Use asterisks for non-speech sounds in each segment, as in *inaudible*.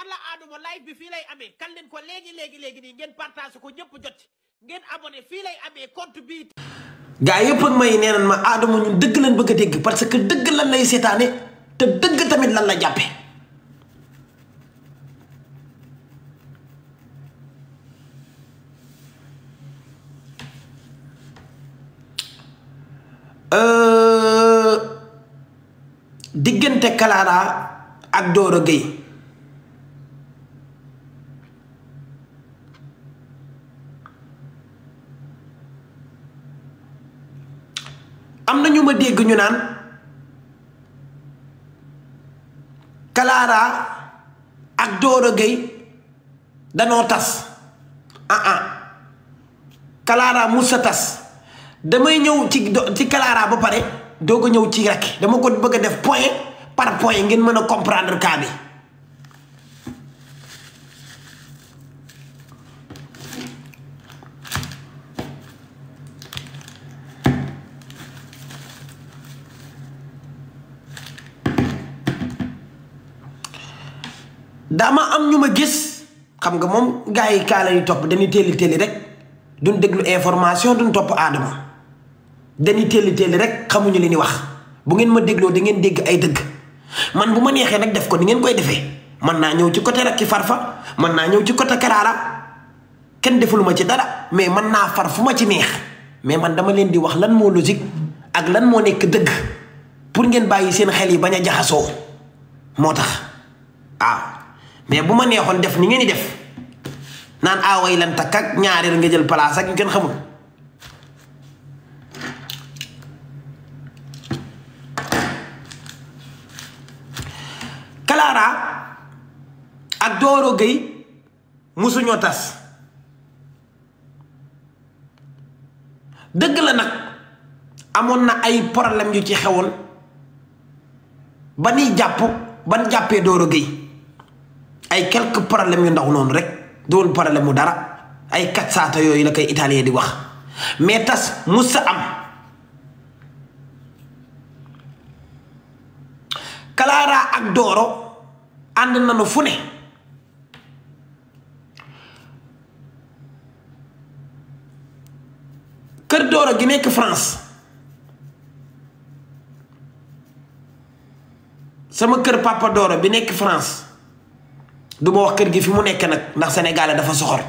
alla aaduma live bi fii lay amee kan leen ko léegi léegi léegi nii ngeen partage ko ñëpp jot ngeen abonné fii lay amee compte bi gaa yëpp ak may nee nañ ma aadama ñun dëgg lañ bëgg a dégg parce que dëgg lan lay seetaane te dëgg tamit lan la jàppe euh, diggante Clara ak Doro Gueye am na ñu ma dégg ñu naan kalaara ak Doro Gueye danoo tas ah ah Clara mus sa tas damay ñëw ci ci Clara ba pare doog ko ñëw ci rek dama ko bëgg def point par point ngeen mën a comprendre cas bi. dama am ñu ma gis xam nga moom gars yi kaa la topp dañuy téeli téeli rek duñ déglu information duñ topp aadama dañuy téeli téeli rek xamuñu leen ñuy wax bu ngeen ma dégloo di ngeen dégg ay dëgg man bu ma neexee nag def ko ni ngeen koy defee man naa ñëw ci côté far fa man naa ñëw ci côté Karaara kenn deful ma ci dara mais man naa far fu ma ci neex mais man dama leen di wax lan moo logique ak lan moo nekk dëgg pour ngeen bàyyi seen xel yi bañ a jaxasoo moo tax waaw mais bu ma neexoon def ni ngeen di def naan aaway lan takk ak ñaareel nga jël place ak ñu kenn xamul Clara ak Doro Gueye musuñoo tas dëgg la nag amoon na ay problème yu ci xewoon ba ni jàpp ban jàppee dooro Gueye ay quelques problèmes yu ndaw noonu rek doon problème mu dara ay kat saata yooyu la koy italien di wax mais tas mus sa am Clara ak dooro ànd nañu fu ne kër Doro gi nekk France sama kër papa Doro bi nekk France du ma wax kër gi fi mu nekk nag ndax sénégalais dafa soxor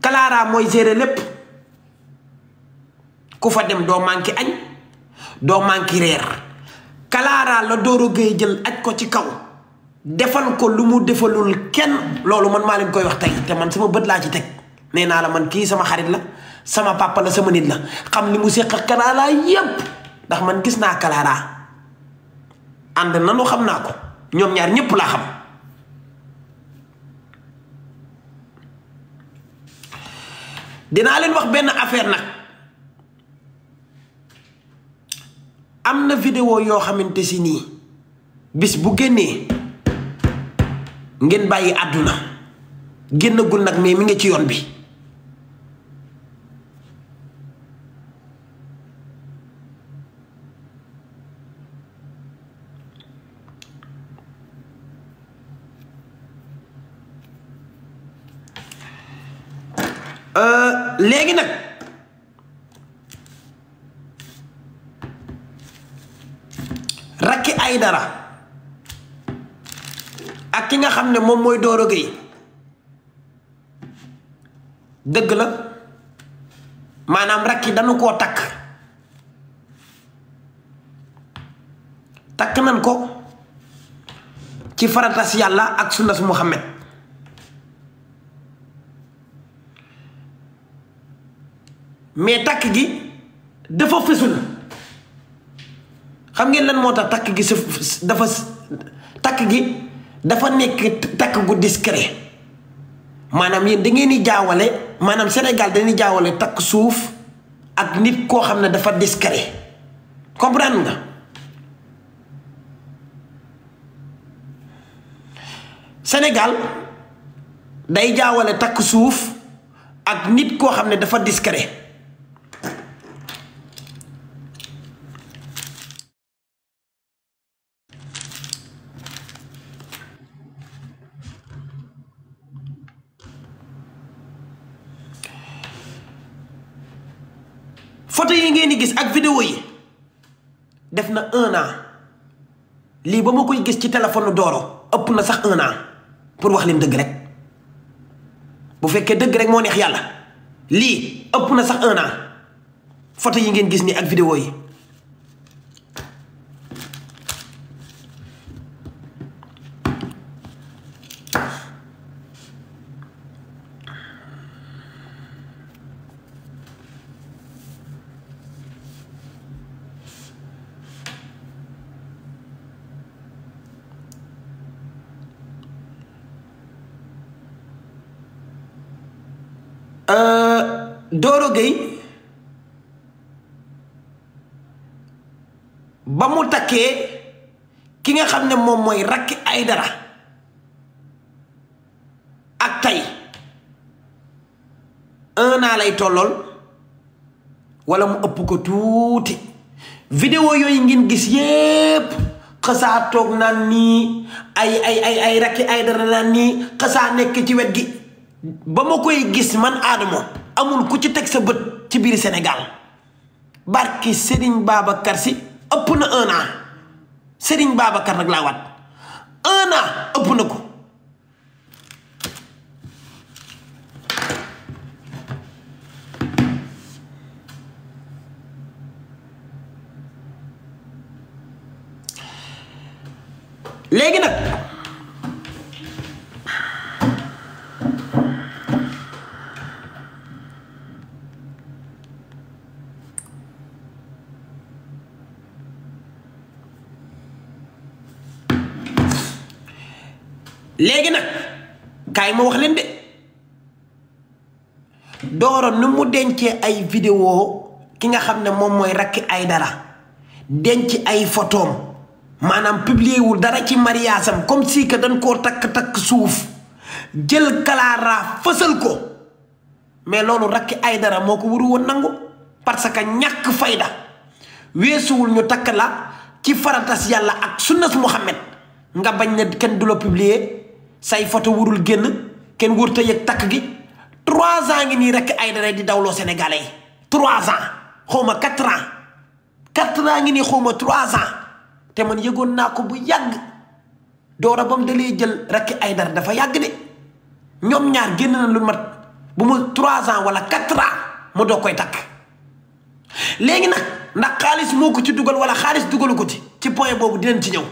Clara mooy gérer lépp ku fa dem doo manqué añ doo manqué reer Clara la Doro Gueye jël ak ko ci kaw defal ko lu mu defalul kenn loolu man maa leen koy wax tey te man sama bët laa ci teg nee naa la man kii sama xarit la sama papa sama nit la xam li mu séq ak Clara yépp ndax man gis naa Clara ànd nanu xam naa ko ñoom ñaar ñëpp laa xam dinaa leen wax benn affaire nag am na vidéo yoo xamante si nii bis bu génnee ngeen bàyyi àdduna génnagul nag mais mi ngi ci yoon bi léegi nag rakki ay dara ak ki nga xam ne moom mooy Doro Gueye dëgg la maanaam rakki dañu koo takk takk nan ko ci faratas yàlla ak sunnas Muhammad mais takk gi dafa fësul xam ngeen lan moo tax takk gi dafa takk gi dafa nekk takk gu discret maanaam yéen da ngeen di jaawale maanaam Sénégal dañuy jaawale takk suuf ak nit koo xam ne dafa discret comprendre nga Sénégal day jaawale takk suuf ak nit koo xam ne dafa discret na un lii ba ma koy gis ci téléphone dooro ëpp na sax un pour wax leen dëgg rek bu fekkee dëgg rek moo neex yàlla lii ëpp na sax un foto yi ngeen gis nii ak vidéo yi Euh, Doro Gueye ba mu takkee ki nga xam ne moom mooy rakki ay dara ak tay un an lay tollool walla mu ëpp ko tuuti vidéo yooyu ngin gis yépp xasaa toog naan nii ay ay ay ay rakki ay dara naan nii xasaa nekk ci wet gi ba ma koy gis man Adama amul ku ci teg sa bët ci biir Sénégal barki Serigne Babacar si ëpp na un an Serigne Babacar nag laa waat un ëpp na ko léegi nag léegi nag kaay ma wax leen de Doro nu mu dencee ay vidéo ki nga xam ne moom mooy ay dara denc ay photoom maanaam publier wul dara ci mariage am comme si que dañ koo takk-takk suuf jël Clara fësal ko mais loolu ay dara moo ko waru woon nangu parce que ñàkk fayda weesuwul ñu takk la ci faratas yàlla ak su sunnas Muhammad nga bañ ne kenn du la publier say foto wurul génn kenn wërta yëg takk gi trois ans ngi nii rek ay dara di dawloo sénégalais yi trois ans xawma quatre ans quatre ans ngi nii xawma trois ans te man yëgoon naa ko bu yàgg doora bam dalee jël rek ay dara dafa yàgg de ñoom ñaar génn na lu mat bu mu trois ans wala quatre ans mu doo koy takk léegi nag ndax xaalis moo ko ci dugal wala xaalis dugalu ko ci ci point boobu dinañ ci ñëw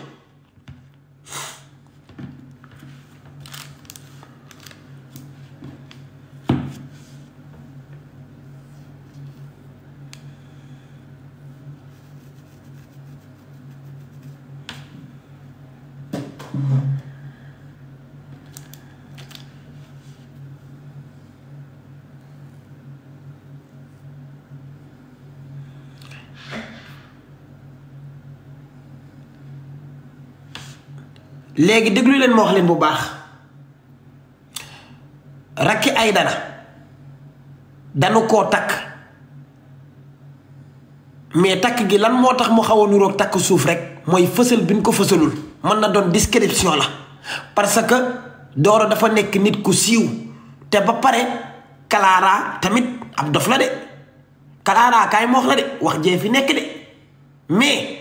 léegi déglu leen ma wax leen bu baax rakki ay dara danu ko takk mais takk gi lan moo tax mu xaw a nuroog takk suuf rek mooy fësal bi ñu ko fësalul mën na doon description la parce que dooro dafa nekk nit ku siiw te ba pare kalaaraa tamit ab dof la de Clara kaay ma la de wax jee fi nekk de mais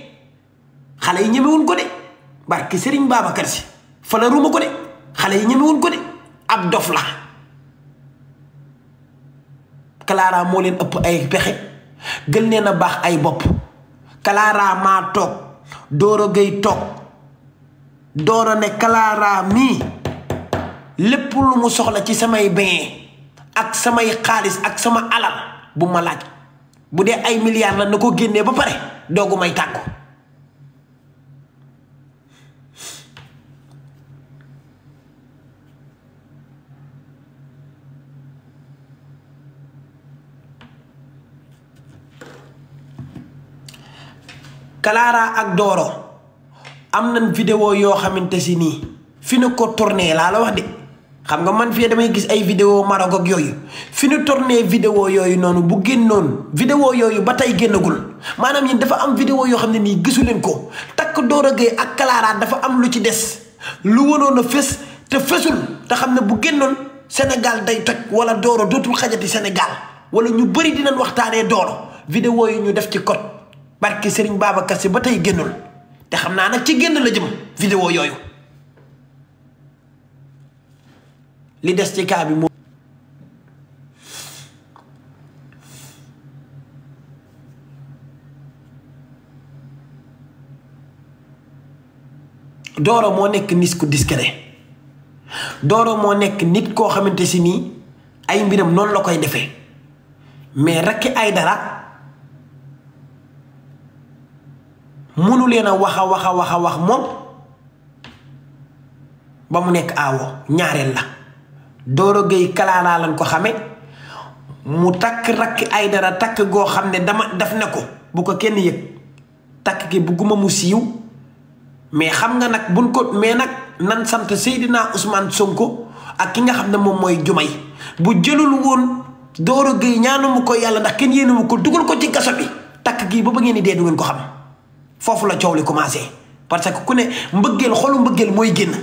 xale yi ñemewuñ ko de barki Serigne Babacar si fala ruuma ko de xale yi ñemewuñ ko de ab dof la kalaaraa moo leen ëpp ay pexe gën leen a baax ay bopp kalaaraa maa toog Doro Gueye toog Doro ne kalaaraa mii lépp lu mu soxla ci samay bain ak samay xaalis ak sama alal bu ma laaj bu dee ay milliards la na ko génnee ba pare doogu may tàggu Clara ak dooro am nañ vidéo yoo xamante si nii fi nu ko tourné laa la wax de xam nga man fii damay gis ay vidéo Maroc yooyu fi nu tourné vidéo yooyu noonu bu génnoon vidéo yooyu ba tey génnagul maanaam yéen dafa am vidéo yoo xam ne nii gisu leen ko takk Doro Gueye ak Clara dafa am lu ci des lu wonoon a fës te fësul te xam ne bu génnoon Sénégal day toj wala dooro dootul xajati Sénégal wala ñu bëri dinañ waxtaanee dooro video yi ñu def ci code barke Serigne Babacar Sy ba tey génnul te xam naa nag ci génn la jëm vidéo yooyu li des ci cas bi moom. Doro moo nekk nit ku discret moo nekk nit koo xamante si nii ay mbiram noonu la koy defee mais ay dara mënu leen a wax a wax a wax a wax moom ba mu nekk aawo ñaareel la Doro géey kalaanaa ko xame mu takk rakk ay dara takk goo xam ne dama daf ne ko bu ko kenn yëg takk gi bugguma mu siiw mais xam nga nag buñ ko mais nag nan sant Seydina Ousmane Sonko ak ki nga xam ne moom mooy yi bu jëlul woon Doro Gueye ñaanu mu ko yàlla ndax kenn yéenu mu ko dugal ko ci kaso bi takk gi ba ba ngeen dee du ko xam foofu la coow li commencé parce que ku ne mbëggeel xolu mbëggeel mooy génn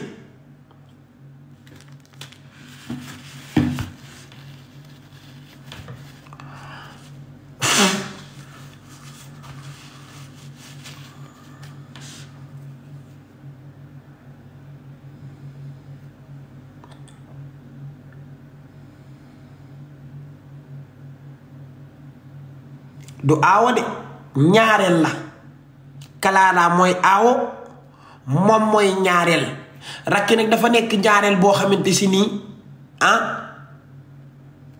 du aawa de ñaareel la kalaanaa mooy aawo moom mooy ñaareel rakki nag dafa nekk ñaareel boo xamante si nii ah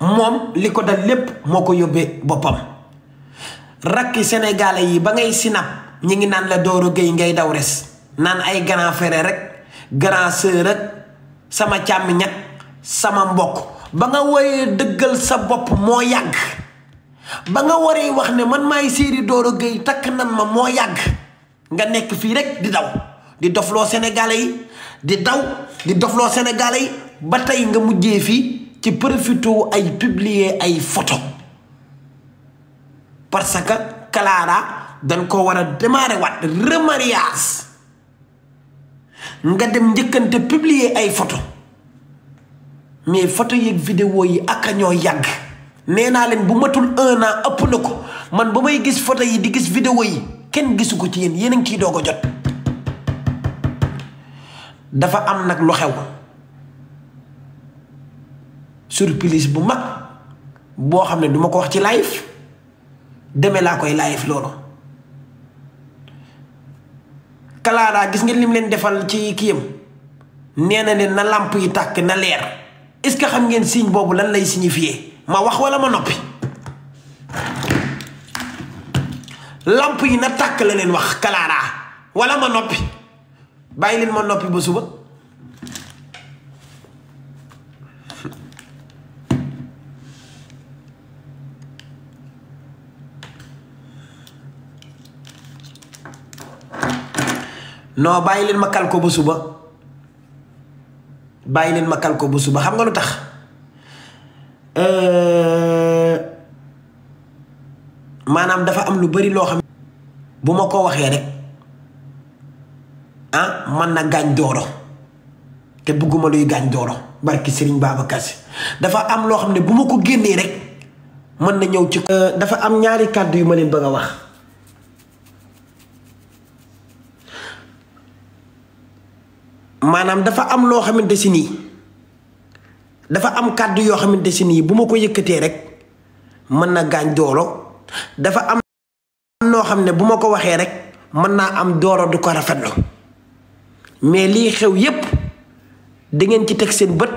moom li ko dal lépp moo ko yóbbee boppam rakki sénégalais yi ba ngay sinap ñi ngi naan la Doro géey ngay daw res naan ay grand frère rek grand sœur sama càmmiñ sama mbokk ba nga waree dëggal sa bopp moo yàgg ba nga waree wax ne man maay séeri Doro Gueye takk nan ma moo yàgg nga nekk fii rek di daw di dofloo Sénégalais yi di daw di dofloo Sénégalais yi ba tey nga mujjee fii ci profité ay publier ay photo parce que Clara dañ ko war a démarrer waat remariage nga dem njëkkante publier ay photo mais photo yeeg vidéo yi ak a ñoo yàgg nee naa leen bu matul un ëpp na ko man ba may gis photo yi di gis vidéo yi kenn gisu ko ci yéen yéen a ngi ciy doog a jot dafa am nag lu xew surprise bu mag boo xam ne duma ko wax ci live deme laa koy live loolu kalaaraa gis ngeen lim leen defal ci kiyam nee na leen na làmp yi tàkk na leer est-ce que xam ngeen signe boobu lan lay signifier ma wax walla ma noppi lamp yi na tàkk la leen wax kalaaraa walla ma noppi bàyyi leen ma noppi ba suba noo bàyyi leen ma kal ko ba suba bàyyi leen ma kal ko ba suba xam nga lu tax. Euh, maanaam dafa am lu bari loo xam bu ma ko waxee rek ah man na gaañ doolo te bëgguma luy gaañ dooro barki Serigne Babacar Sy dafa am loo xam ne bu ma ko génnee rek mën na ñëw ci euh, dafa am ñaari kàddu yu ma bëgg a wax maanaam dafa am loo xamante nii dafa am kàddu yoo xamante si nii bu ma ko yëkkatee rek mën na gaañ doolo dafa am noo xam ne bu ma ko waxee rek mën naa am dooro du ko rafetlu mais lii xew yépp da ngeen ci teg seen bët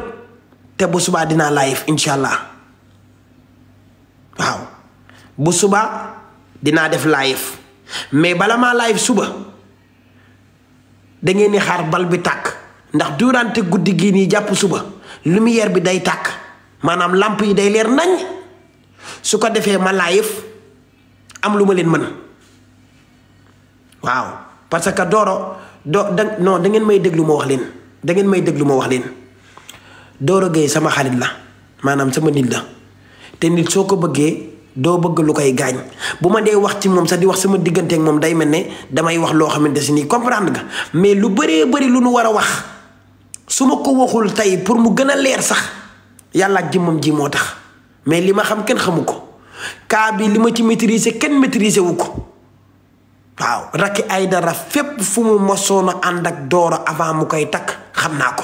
te bu subaa dinaa live incha allah waaw bu suba dinaa def live mais bala maa live suba da ngeen di xaar bal bi tàkk ndax durante guddi gii nii jàpp suba lu lumière bi day tàkk maanaam làmp yi day leer nañ su ko defee ma live am lu ma leen mën waaw parce que dooro doo da non da ngeen may déglu ma wax leen da ngeen may déglu ma wax leen dooro géey sama xarit la maanaam sama nit la te nit soo ko bëggee doo bëgg lu koy gaañ bu ma dee wax ci moom sax di wax sama diggante moom day mel ne damay wax loo xamante si nii comprendre ga mais lu bëree bëri lu nu war a wax su ma ko waxul tey pour mu gën a leer sax yàlla ak ji moom ji moo tax mais li ma xam kenn xamu ko. cas bi li ma ci maîtriser kenn maîtriser wu ko waaw ay dara fépp fu mu mosoon a ànd ak Doro avant mu koy takk xam naa ko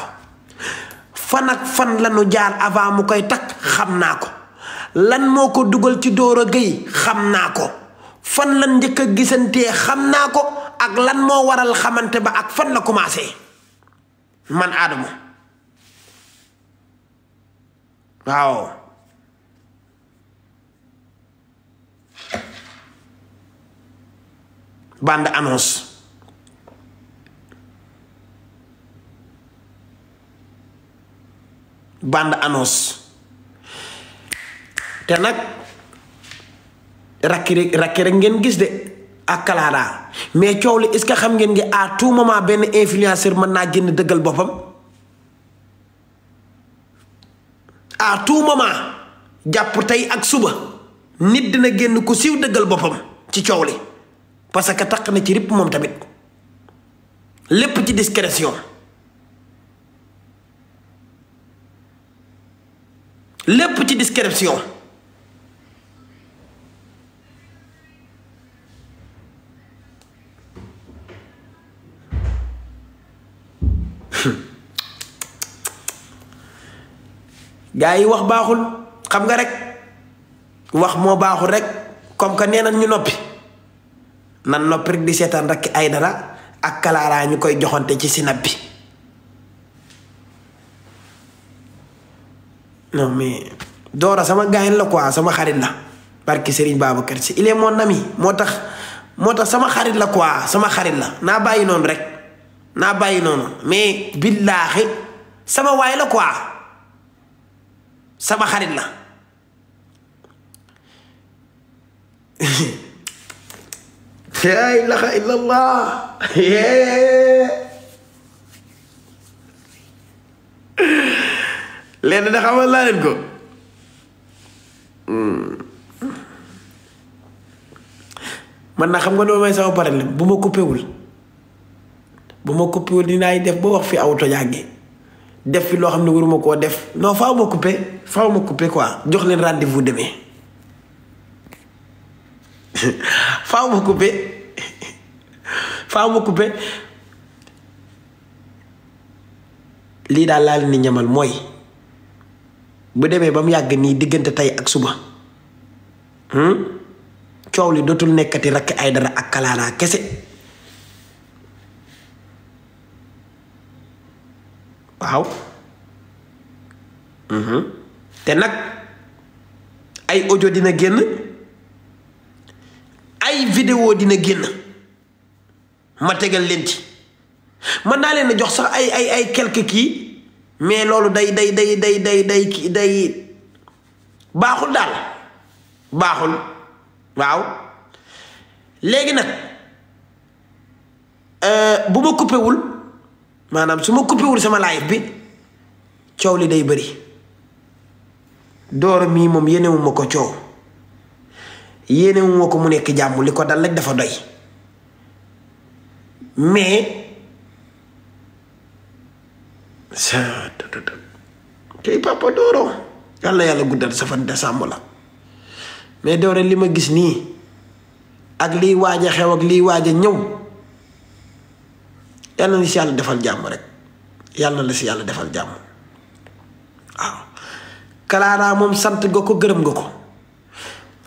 fan ak fan lañu jaar avant mu koy takk xam naa ko lan moo ko dugal ci Doro Gueye xam naa ko fan lan njëkk a gisantee xam naa ko ak lan moo waral xamante ba ak fan la commencé man aadamu waaw bande annonce bande annonce te nag rakki rek rakki rek ngeen gis de ak Clara mais coow li est-ce que xam ngeen ngi à tout moment benn influenceur mën naa génn dëggal boppam à tout moment jàpp tey ak suba nit dina génn ku siiw dëggal boppam ci coow li parce que taq na ci ripp moom tamit lépp ci discrétion lépp ci discrétion *laughs* gaa yi wax baaxul xam nga rek wax moo baaxul rek comme que nee nañ ñu noppi. nan noppi rek di seetaan rek ay dara ak kalaaraa ñu koy joxante ci sinab bi non mais Dora sama gaayen la quoi sama xarit la barki Serigne Babacar Sy il est mon ami moo tax moo tax sama xarit la quoi sama xarit la naa bàyyi noonu rek naa bàyyi noonu mais billaahi sama waay la quoi sama xarit la *laughs* laa ilaha illallah leen da xamal laa leen ko hmm. man naa xam nga doo may pare problème bu ma coupéwul bu ma coupéwul dinaay def ba wax fi aw tojaange def fi loo xam ne waruma koo def noo faaw ma coupé faaw ma coupé quoi jox leen rendez-vous deme faaw ma coupé lii daal laal ni ñamal mooy bu demee ba mu yàgg nii diggante tey ak suba hmm? coow li dootul nekkati rakk ay dara ak kalaanaa kese waaw hmm. te nag ay audio dina génn ay vidéo dina génn ma tegal leen ci mën naa leen a jox sax ay ay ay quelque kii mais loolu day day day day day day kii day baaxul daal baaxul waaw léegi nag euh, bu ma coupé maanaam su ma coupé sama live bi coow li day bëri door mii moom yenewuma ko coow yéene ko mu nekk jàmm li ko dal rek dafa doy mais kay papa Doro yàlla yàlla guddal sa fan décembre la mais Doro li ma gis nii ak liy waaja xew ak liy waaj a ñëw yàlla na si yàlla defal jàmm rek yàlla na la si yàlla defal jàmm waaw Clara moom sant nga ko gërëm nga ko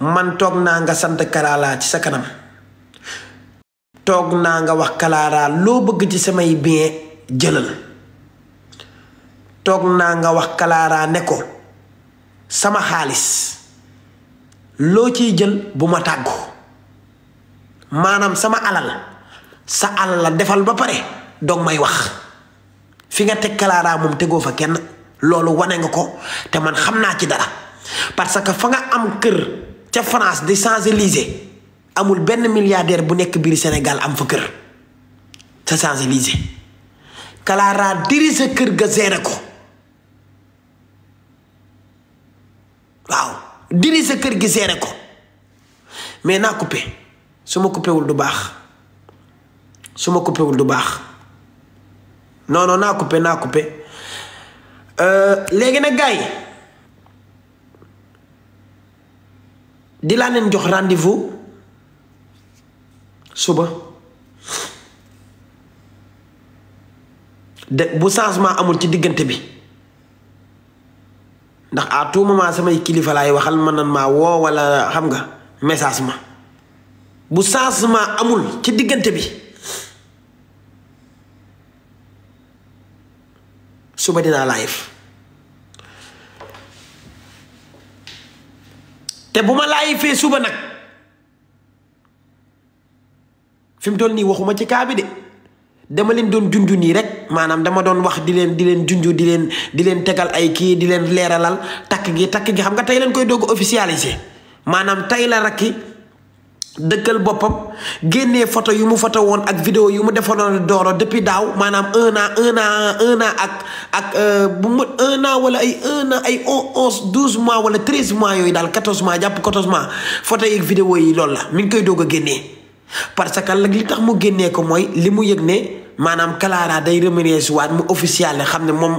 man toog naa nga sant Kalala ci sa kanam toog naa nga wax Kalala loo bëgg ci samay bien jëlal toog naa nga wax Kalala ne ko sama xaalis loo ciy jël bu ma tàggu maanaam sama alal sa alal la defal ba pare doog may wax fi nga teg Kalala moom tegoo fa kenn loolu wane nga ko te man xam naa ci dara parce que fa nga am kër ca France di Champs-Élysées amul benn milliardaire bu nekk biir Sénégal am fa kër ca Champs-Élysées Clara dirige kër ga seere ko waaw diri sa kër gi seere ko mais naa coupé suma ma du baax suma ma du baax non naa coupé naa coupé euh, léegi na gars yi di laa leen jox rendez suba de bu changement amul ci diggante bi ndax à tout moment samay kilifa laay waxal ma nan maa woo walla xam nga message ma bu changement amul ci diggante bi suba dinaa live te bu ma laay fee suba nag fi mu toll nii waxuma ci kaa de dama leen doon junju nii rek maanaam dama doon wax di leen di leen junju di leen di leen tegal ay kii di leen leeralal takk gi takk gi xam nga tey leen koy doog officialisé maanaam tey la rakki dëggal boppam génnee foto yu mu photo woon ak vidéo yu mu defaroon Doro depuis daaw maanaam un an un an un an ak ak euh, bu mu un an wala ay un an ay onze douze mois wala treize mois yooyu daal quatorze mois jàpp quatorze mois photo yi vidéo yi loolu la mi ngi koy doog a génnee parce que la li tax mu génnee ko mooy li mu yëg ne maanaam Clara day remercier waat mu officiel xam ne moom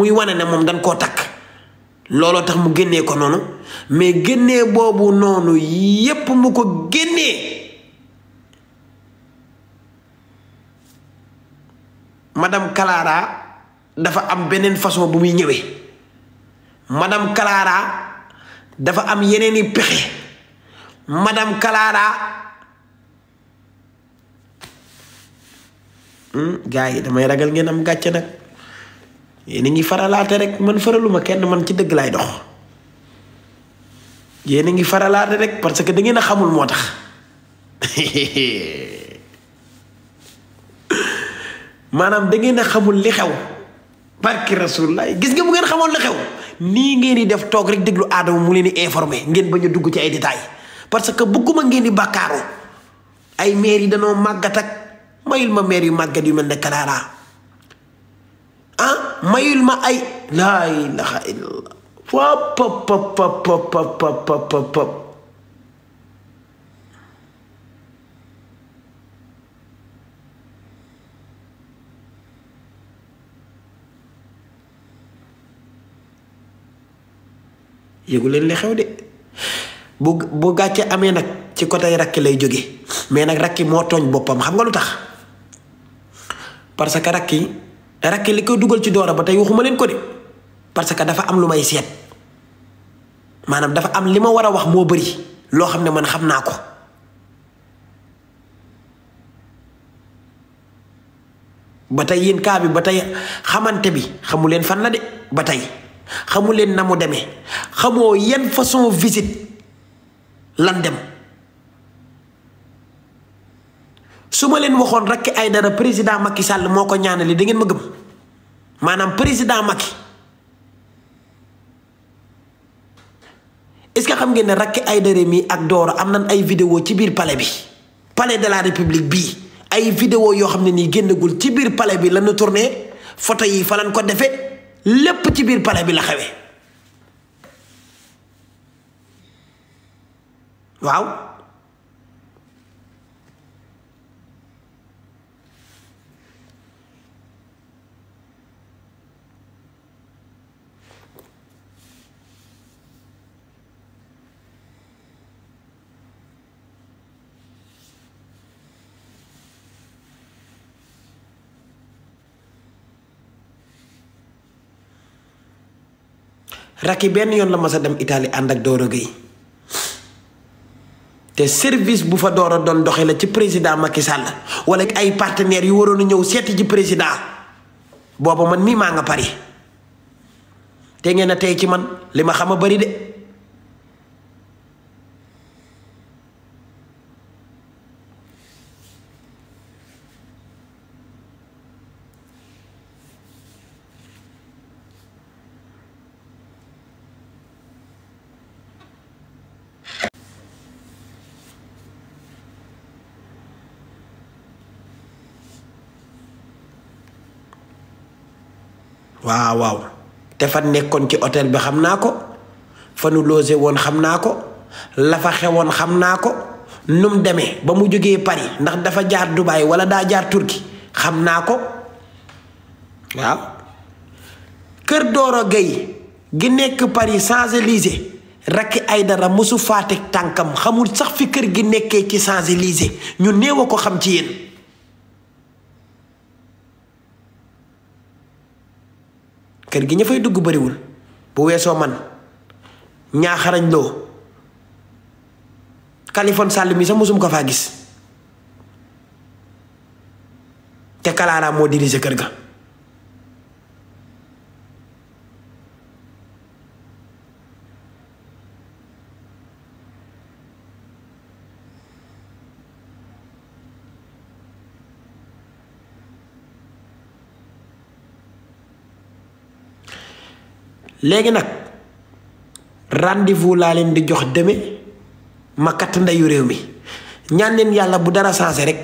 muy wane ne moom dañ koo takk looloo tax mu génnee ko noonu mais génne boobu noonu yépp mu ko génnee madam Clara dafa am beneen façon bu muy ñëwee madame Clara dafa am yeneeni i pexe madame Clara hmm, gars yi damay ragal ngeen am gàcce nag yéen a ngi faralaate rek man faraluma kenn man ci dëgg laay dox yéen a ngi faralaate rek parce que da ngeen a xamul moo tax *laughs* maanaam da ngeen a xamul li xew barki rasulullah gis nga bu ngeen xamoon li xew nii ngeen di def toog rek déglu aadama mu leen di informé ngeen bañ a dugg ci ay détails parce que bëgguma ngeen di bàkkaaroo ay mair yi danoo màggat ak mayul ma mair yu màggat yu mel ne Kanaara ah mayul ma ay laa ilaha illallah fop pop pop pop pop yëgu leen li xew de bu bu gàcce amee nag ci côté rakki lay jóge mais nag rakki moo tooñ boppam xam nga lu tax parce que rakki rakke li koy dugal ci doora ba tey waxuma leen ko de parce que dafa am lu may seet maanaam dafa am li ma war a wax moo bari loo xam ne man xam naa ko ba tey yéen kaa bi ba tey xamante bi xamu leen fan na de ba tey xamu leen na mu demee xamoo yan façon visite lan dem su ma leen waxoon ay dara président Macky Sall moo ko ñaanali da ngeen ma gëm maanaam président Macky est-ce que xam ngeen ne ay Aïdara mii ak Doro am nañ ay vidéo ci biir pale bi pale de la république bii ay video yoo xam ne nii génnagul ci biir palais bi lañu tourné photo yi fa lañ ko defee lépp ci biir palais bi la xewee waaw Racky benn yoon la mas a dem Italie ànd ak Doro Gueye te service bu fa Doro doon doxe la ci président Macky Sall wala ay partenaires yu waroon a ñëw seeti ci président booba man nii maa nga Paris te ngeen a tey ci man li ma xam a bari de. waaw ah, waaw te fa nekkoon ci hôtel bi xam naa ko fa nu woon xam naa ko la fa xewoon xam naa ko nu mu demee ba mu jógee Paris ndax dafa jaar dubaay wala daa jaar Turquie xam naa ko waaw kër Doro Gueye gi nekk Paris Champs-Élysées rakki ay dara mosu faa tànkam xamul sax fi kër gi nekkee ci change élysées ñu néew ko xam ci yéen kër gi ña fay dugg bariwul bu weesoo man ñaaxarañ loo Kalifon Sall mi sax mosum ko faa gis te kalaaraa moo dirigé kër ga. léegi nag rendez-vous laa leen di jox deme ma katt ndeyu réew mi ñaan yàlla bu dara changé rek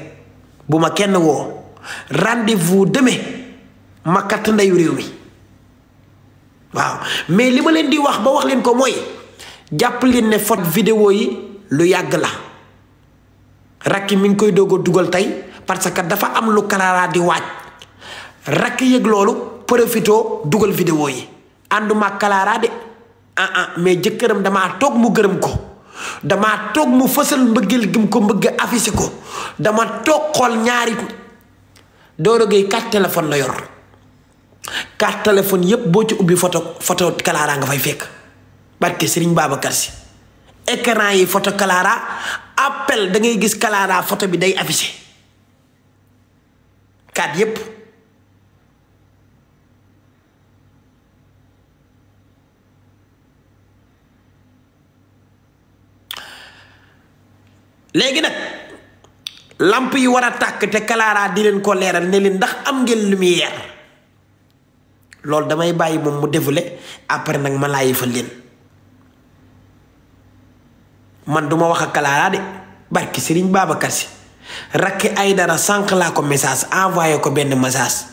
bu ma kenn woo rendez-vous deme ma katt ndeyu réew mi waaw mais li ma leen di wax ba wax leen ko mooy jàpp leen ne fot vidéo yi lu yàgg la rakki mi ngi koy doog a dugal tey parce que dafa am lu Karara di waaj rakki yëg loolu profitoo dugal vidéo yi ànduma Clara de ah ah mais jëkkëram dama toog mu gërëm ko dama toog mu fësal mbëggeel gim ko mbëgg affiché ko dama toog xool ñaari Doro Gueye carte téléphone la yor carte téléphone yépp boo ci ubbi photo photo Clara nga fay fekk barke Serigne Babacar Sy écran yi photo Clara appel da ngay gis Clara photo bi day affiché carte yépp léegi nag làmp yi war a tàkk te Clara di leen ko leeral ne leen ndax am ngeen lumière loolu damay bàyyi moom mu développer après nag ma laayi fa leen man duma wax a Clara de barki Serigne Babacar Sy rakki ay dara sànq laa ko message envoyé ko benn message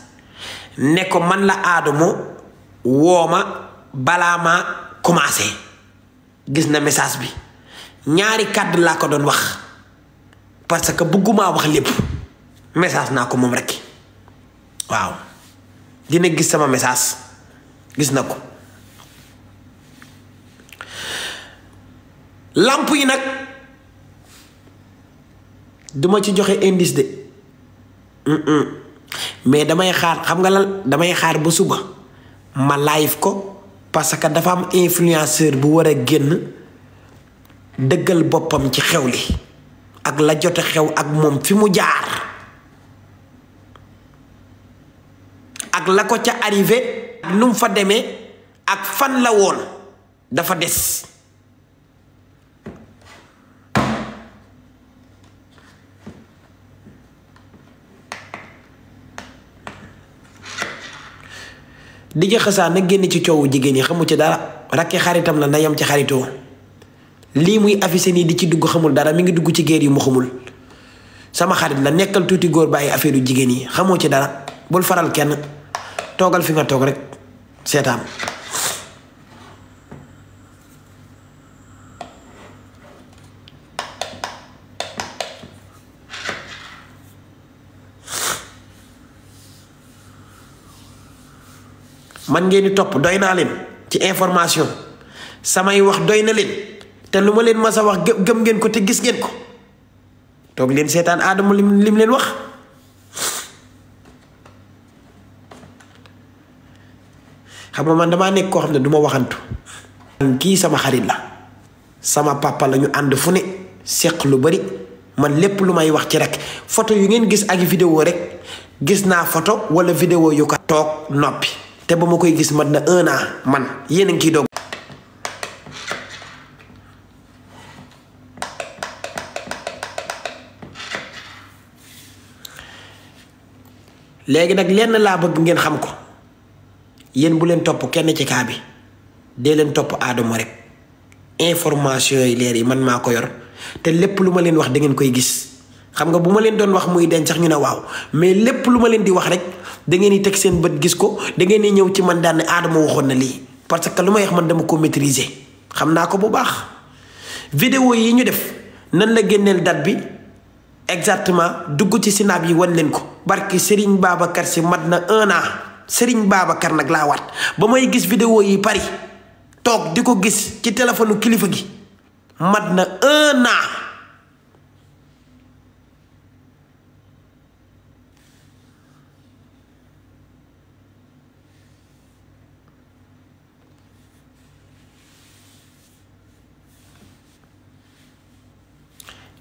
ne ko man la Adamo wooma balaa ma commencé gis na message bi ñaari kàdd laa ko doon wax parce que bëggumaa wax lépp message naa ko moom rekk waaw dina gis sama message gis na ko làmp yi nag duma ci joxe indice de mais damay xaar xam nga lan damay xaar ba suba ma live ko parce que dafa am influenceur bu war a génn dëggal boppam ci xew li ak la jote xew ak moom fi mu jaar ak la ko ca arrivé ak nu mu fa demee ak fan la woon dafa des DJ Xassa nag génn ci coowu jigéen ñi xamu ci dara rakk xaritam la na yem ci xaritoo lii muy affiché nii di ci dugg xamul dara mi ngi dugg ci géer yi mu xamul sama xarit la nekkal tuuti góor bàyyi affaire jigéen yi xamoo ci dara bul faral kenn toogal fi nga toog rek seetaan man ngeen di topp doy naa leen ci information samay wax doy na leen te lu ma leen mas a wax gëm ngeen ko te gis ngeen ko toog leen seetaan aadama lim lim leen wax xam nga man damaa nekk koo xam ne du ma waxantu kii sama xarit la sama papa la ñu ànd fu ne seq lu bari man lépp lu may wax ci rek foto yu ngeen gis ak vidéo rek gis naa foto wala vidéo yu ko toog noppi te ba ma koy gis man na un man yéen a ngi ciy doog léegi nag lenn laa bëgg ngeen xam ko yéen bu leen topp kenn ci kaa bi dee leen topp aadama rek information yi leer yi man maa ko yor te lépp lu ma leen wax da ngeen koy gis xam nga bu ma leen doon wax muy denc sax ñu ne waaw mais lépp lu ma leen di wax rek da ngeen di teg seen bët gis ko da ngeen di ñëw ci man daan ne aadama waxoon na lii parce que lu ma wax man dama ko maîtriser xam naa ko bu baax. vidéo yi ñu def nan la génneel date bi exactement dugg ci sinab yi wan leen ko barki Serigne Babacar si mat na un an Serigne Babacar nag laa waat ba may gis vidéo yi Paris toog di ko gis ci téléphone kilifa gi mat na un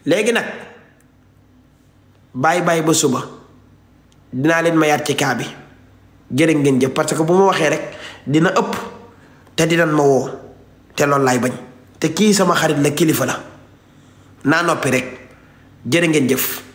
léegi nag bàyyi bàyyi ba suba dinaa leen mayaat ci kaa bi jërë ngeen jëf parce que bu ma waxee rek dina ëpp te dinañ ma woo te loolu laay bañ te kii sama xarit la kilifa la naa noppi rek jëri ngeen jëf